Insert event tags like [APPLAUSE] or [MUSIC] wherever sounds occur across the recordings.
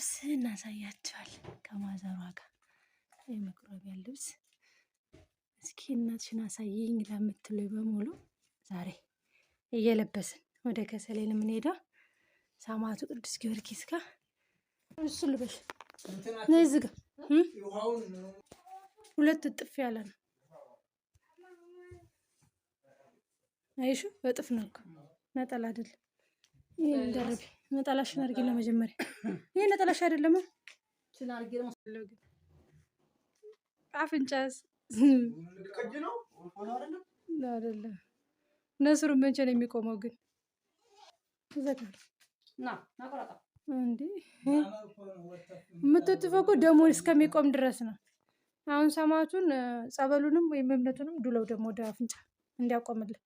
ልብስ እናሳያቸዋል። ከማዘሯ ጋር የመቁረቢያ ልብስ እስኪ እናትሽን አሳየኝ ለምትሉ በሙሉ ዛሬ እየለበስን ወደ ከሰሌ የምንሄደው ሰማዕቱ ቅዱስ ጊዮርጊስ ጋር እሱ ልበሽ ጋ ሁለት እጥፍ ያለ ነው። አይሹ በጥፍ ነው እኮ ነጠላ አይደለም። ይህ ደረቤ ነጠላሽን አድርጌ ለመጀመሪያ [COUGHS] ይሄ ነጠላሽ አይደለም። አፍንጫስ አይደለም። ነስሩ መቼ ነው የሚቆመው ግን? እንዴ የምትወጥፈው እኮ ደሞ እስከሚቆም ድረስ ነው። አሁን ሰማቱን ጸበሉንም ወይም እምነቱንም ዱለው ደግሞ ወደ አፍንጫ እንዲያቆምልን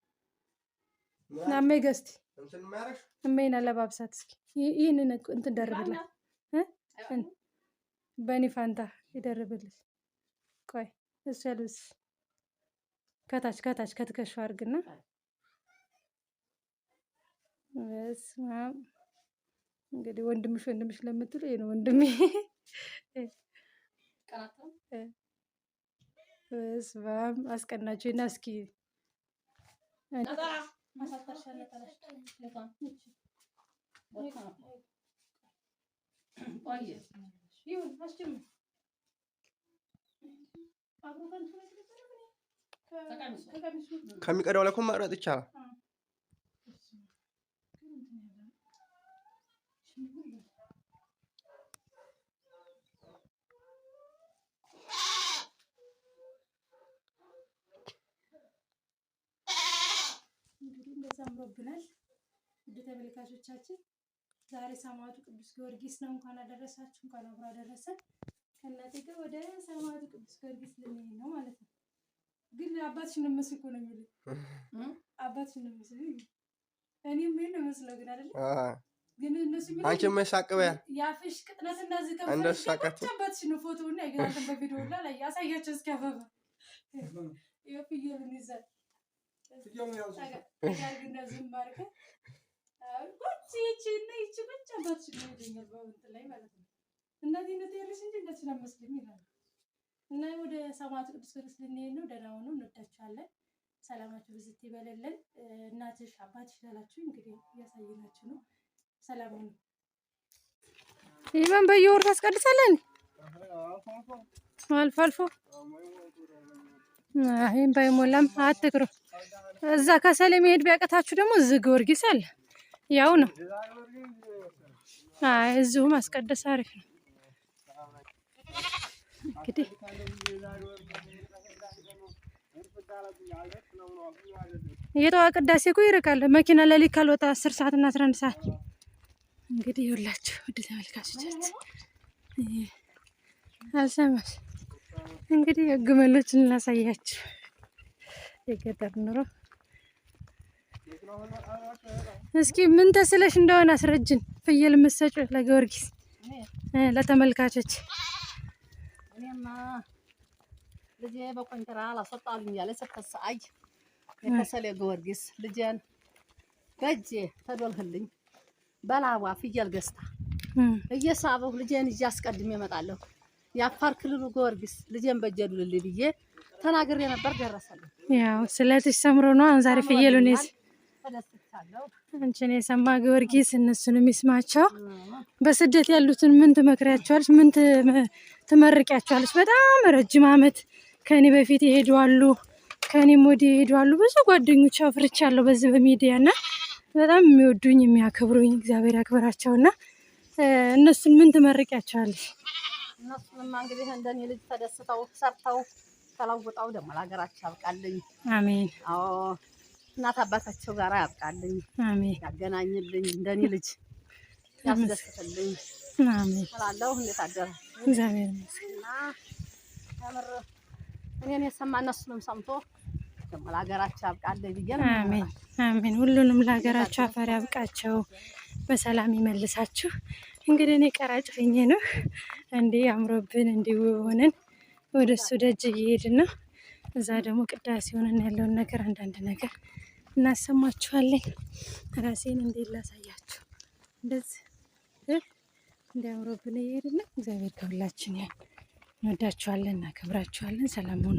ናሜ ገስቲ እንበይና ለባብሳት እስኪ ይህን እንትን ደርብላት፣ በእኔ ፋንታ ይደርብልሽ። ቆይ እሱ ያልብስ ከታች ከታች ከትከሻው አድርግና በስመ አብ እንግዲህ ወንድምሽ ወንድምሽ ለምትሉ ይሄ ነው ወንድሜ። በስመ አብ አስቀናችሁ እና እስኪ ከሚቀዳው ላይ እኮ ማቅረጥ ይቻላል። ይኖርብናል። ውድ ተመልካቾቻችን ዛሬ ሰማዕቱ ቅዱስ ጊዮርጊስ ነው። እንኳን አደረሳችሁ፣ እንኳን አብሮ አደረሰ። ከእናቴ ጋር ወደ ሰማዕቱ ቅዱስ ጊዮርጊስ ልንሄድ ነው ማለት ነው። ግን አባትሽን የምመስል እኮ ነው የሚሉኝ፣ አባትሽን የምመስል እኔም ምን መስለው ግን አይደለ ግን እነሱ አንቺ መሳቀበያ ያፍሽ ቅጥነትና ዝቀብ እንደሳቀት አባትሽን ፎቶ እና ይገራተን በቪዲዮ ላይ ያሳያቸው እስኪያፈባ የፍየሉን ይዛል እና ወደ ሰማዕቱ ቅዱስ ጊዮርጊስ ልንሄድ ነው። ደህና ሆኖ እንወዳችኋለን። ሰላማችሁ ብዙ ይበለልን። እናትሽ አባትሽ ላላችሁ እንግዲህ እያሳየናችሁ ነው። ሰላም ይህን በየወሩ ታስቀድሳለን አልፎ አልፎ ይህም ባይሞላም አትግሩ። እዛ ከሰሌ መሄድ ቢያቀታችሁ ደግሞ እዚህ ጊዮርጊስ አለ። ያው ነው፣ አይ እዚሁ ማስቀደስ አሪፍ ነው። እንግዲህ የጠዋ ቅዳሴ እኮ ይርቃል። መኪና ለሊት ካልወጣ አስር ሰዓት እና አስራ አንድ ሰዓት እንግዲህ ይውላችሁ ውድ ተመልካቾቻችን አልሰማሽ እንግዲህ ግመሎችን እናሳያችሁ። የገጠር ኑሮ እስኪ ምን ተስለሽ እንደሆነ አስረጅን። ፍየል ምሰጭ ለጊዮርጊስ ለተመልካቾች ልጄ በቆንጥራ ላስወጣልኝ ያለ ሰፈሳይ የከሰል ጊዮርጊስ ልጄን በእጄ ተዶልህልኝ በላቧ ፍየል ገዝታ እየሳበሁ ልጄን እያስቀድሜ እመጣለሁ። የአፋር ክልሉ ጊዮርጊስ ልጄን በጀሉልልኝ ብዬ ተናግሬ ነበር። ደረሰልኝ። ያው ስለትሽ ሰምሮ ነው። አንዛሬ ፍየሉን አንቺን የሰማ ጊዮርጊስ እነሱን የሚስማቸው። በስደት ያሉትን ምን ትመክሪያቸዋለች? ምን ትመርቂያቸዋለች? በጣም ረጅም ዓመት ከኔ በፊት የሄዱ አሉ፣ ከኔም ወዲህ የሄዱ አሉ። ብዙ ጓደኞች አፍርቻለሁ በዚህ በሚዲያ እና በጣም የሚወዱኝ የሚያከብሩኝ፣ እግዚአብሔር እና እነሱን ምን ትመርቂያቸዋለች? እነሱንማ እንግዲህ እንደኔ ልጅ ተደስተው ሰርተው ተለውጠው ደግሞ ለሀገራቸው ያብቃልኝ። አሜን። አዎ እናት አባታቸው ጋር ያብቃልኝ። አሜን። ያገናኝልኝ፣ እንደኔ ልጅ ያስደስትልኝ። አሜን እላለሁ። እንዴት አደረ? እግዚአብሔር ይመስገን። እኔን የሰማ እነሱንም ሰምቶ ደግሞ ለሀገራቸው ያብቃልኝ ብዬ ነው። አሜን አሜን። ሁሉንም ለሀገራቸው አፈር ያብቃቸው፣ በሰላም ይመልሳችሁ። እንግዲህ እኔ ቀራጭ ሆኜ ነው እንዴ አምሮብን እንዲሁ ሆነን ወደ እሱ ደጅ እየሄድን ነው። እዛ ደግሞ ቅዳሴ ሆነን ያለውን ነገር አንዳንድ ነገር እናሰማችኋለን። ራሴን እንዴት ላሳያችሁ እንደዚህ እንዲ አምሮብን እየሄድን ነው። እግዚአብሔር ከሁላችን ያን እንወዳችኋለን፣ እናከብራችኋለን። ሰላም ሁኑ።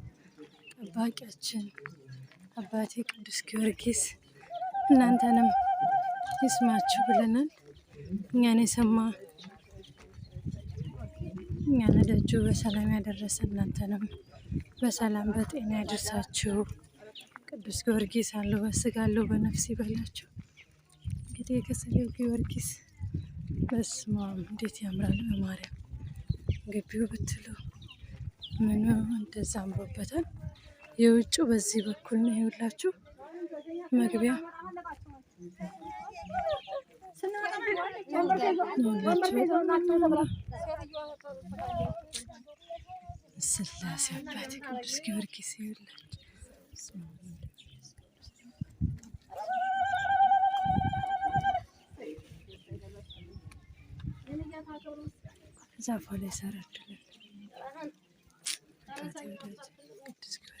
ጠባቂያችን አባቴ ቅዱስ ጊዮርጊስ እናንተንም ይስማችሁ ብለናል። እኛን የሰማ እኛን ደጁ በሰላም ያደረሰ እናንተንም በሰላም በጤና ያደርሳችሁ። ቅዱስ ጊዮርጊስ አለው በስጋ አለው በነፍስ ይበላችሁ። እንግዲህ የከሰሌው ጊዮርጊስ በስመ አብ እንዴት ያምራል! በማርያም ግቢው ብትሉ ምኑ እንደዛ አምሮበታል። የውጭው በዚህ በኩል ነው። ይኸውላችሁ መግቢያ ስላሴ አባት ቅዱስ ጊዮርጊስ ይኸውላችሁ ዛፏ ላይ ሰራችላል ቅዱስ ጊዮርጊስ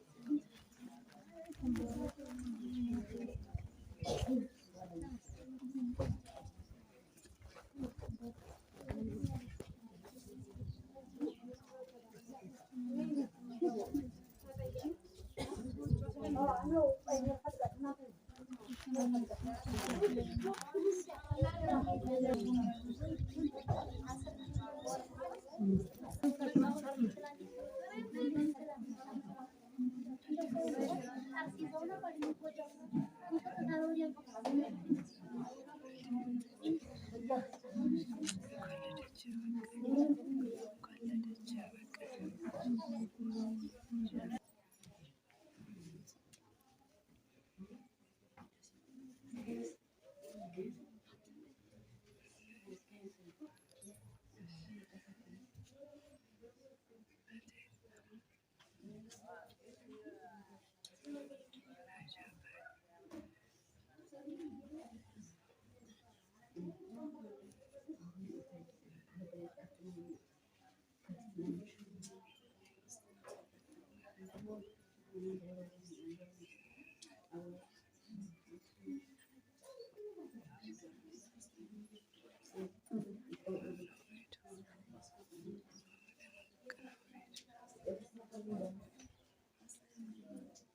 嗯。嗯。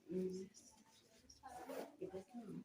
嗯。嗯。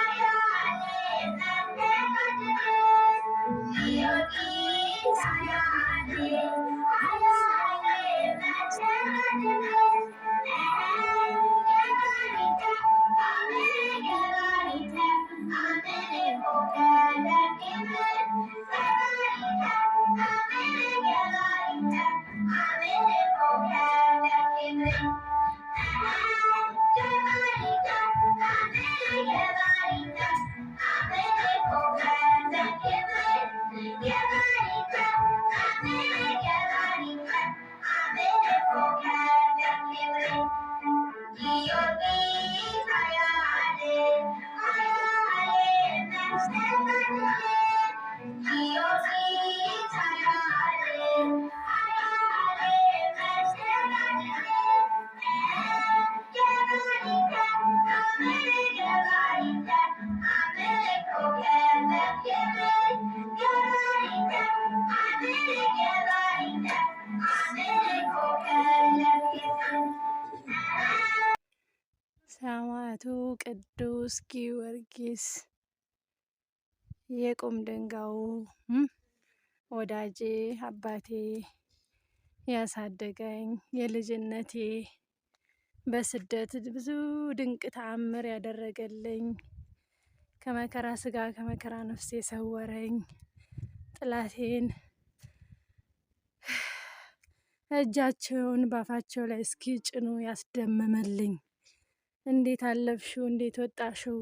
ቅዱስ ጊዮርጊስ የቁም ድንጋዩ ወዳጄ አባቴ ያሳደገኝ የልጅነቴ በስደት ብዙ ድንቅ ተአምር ያደረገልኝ ከመከራ ስጋ ከመከራ ነፍስ የሰወረኝ ጥላቴን [SIGHS] እጃቸውን ባፋቸው ላይ እስኪ ጭኑ ያስደመመልኝ እንዴት አለፍሽው? እንዴት ወጣሽው?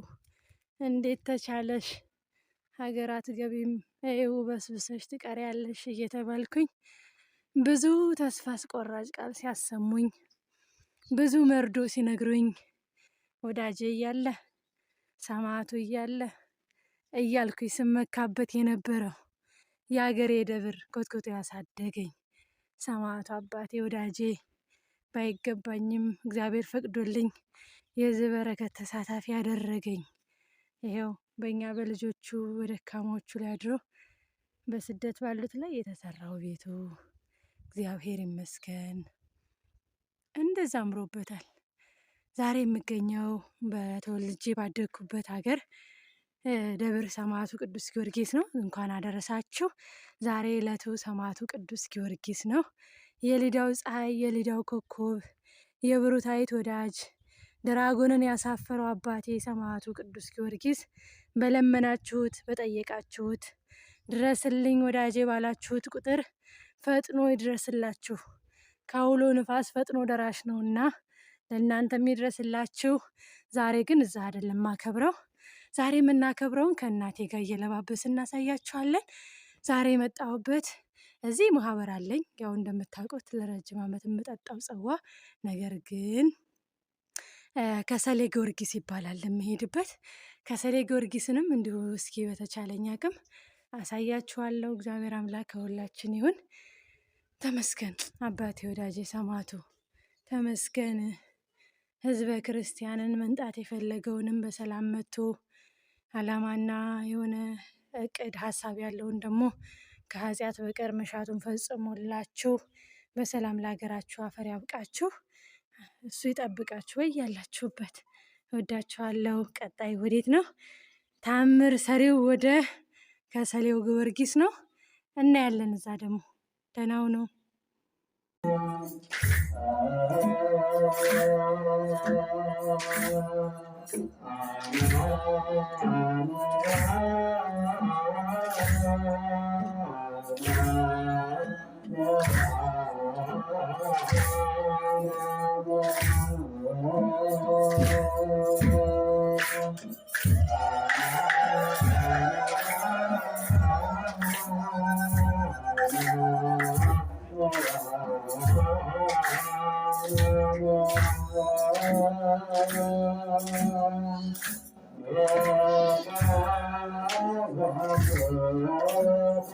እንዴት ተቻለሽ? ሀገር አትገቢም፣ ይኸው በስብሰሽ ትቀሪያለሽ እየተባልኩኝ ብዙ ተስፋ አስቆራጭ ቃል ሲያሰሙኝ ብዙ መርዶ ሲነግሩኝ ወዳጄ እያለ ሰማዕቱ እያለ እያልኩኝ ስመካበት የነበረው የአገሬ ደብር ኮትኮቶ ያሳደገኝ ሰማዕቱ አባቴ ወዳጄ ባይገባኝም እግዚአብሔር ፈቅዶልኝ የዚህ በረከት ተሳታፊ ያደረገኝ። ይኸው በእኛ በልጆቹ በደካማዎቹ ላይ አድሮ በስደት ባሉት ላይ የተሰራው ቤቱ እግዚአብሔር ይመስገን እንደዛ አምሮበታል። ዛሬ የምገኘው በተወልጄ ባደግኩበት ሀገር ደብር ሰማዕቱ ቅዱስ ጊዮርጊስ ነው። እንኳን አደረሳችሁ። ዛሬ ዕለቱ ሰማዕቱ ቅዱስ ጊዮርጊስ ነው። የሊዳው ፀሐይ፣ የሊዳው ኮከብ፣ የብሩታዊት ወዳጅ ድራጎንን ያሳፈረው አባቴ ሰማዕቱ ቅዱስ ጊዮርጊስ በለመናችሁት በጠየቃችሁት ድረስልኝ ወዳጄ ባላችሁት ቁጥር ፈጥኖ ይድረስላችሁ። ከአውሎ ንፋስ ፈጥኖ ደራሽ ነውና ለእናንተም ይድረስላችሁ። ዛሬ ግን እዛ አይደለም ማከብረው። ዛሬ የምናከብረውን ከእናቴ ጋር እየለባበስ እናሳያችኋለን። ዛሬ የመጣሁበት እዚህ ማህበር አለኝ። ያው እንደምታውቁት ለረጅም ዓመት የምጠጣው ጽዋ ነገር ግን ከሰሌ ጊዮርጊስ ይባላል የምሄድበት። ከሰሌ ጊዮርጊስንም እንዲሁ እስኪ በተቻለኝ አቅም አሳያችኋለሁ። እግዚአብሔር አምላክ ከሁላችን ይሁን። ተመስገን አባቴ፣ ወዳጄ፣ ሰማዕቱ ተመስገን። ህዝበ ክርስቲያንን መንጣት የፈለገውንም በሰላም መጥቶ አላማና የሆነ እቅድ ሀሳብ ያለውን ደግሞ ከኃጢአት በቀር መሻቱን ፈጽሞላችሁ በሰላም ለሀገራችሁ አፈር ያብቃችሁ። እሱ ይጠብቃችሁ ወይ ያላችሁበት። እወዳችኋለሁ። ቀጣይ ወዴት ነው? ታምር ሰሪው ወደ ከሰሌው ጊዮርጊስ ነው እና ያለን እዛ ደግሞ ደህናው ነው።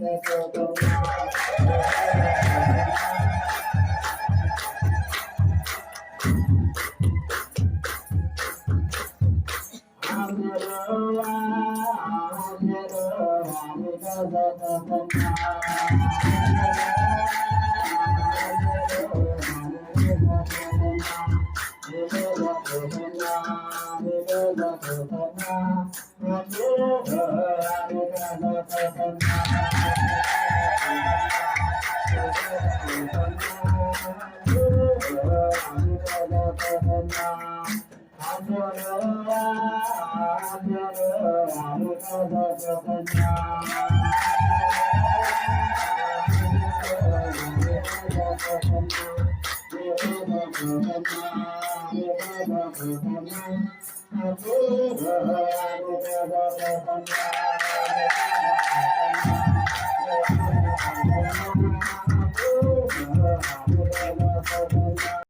Gracias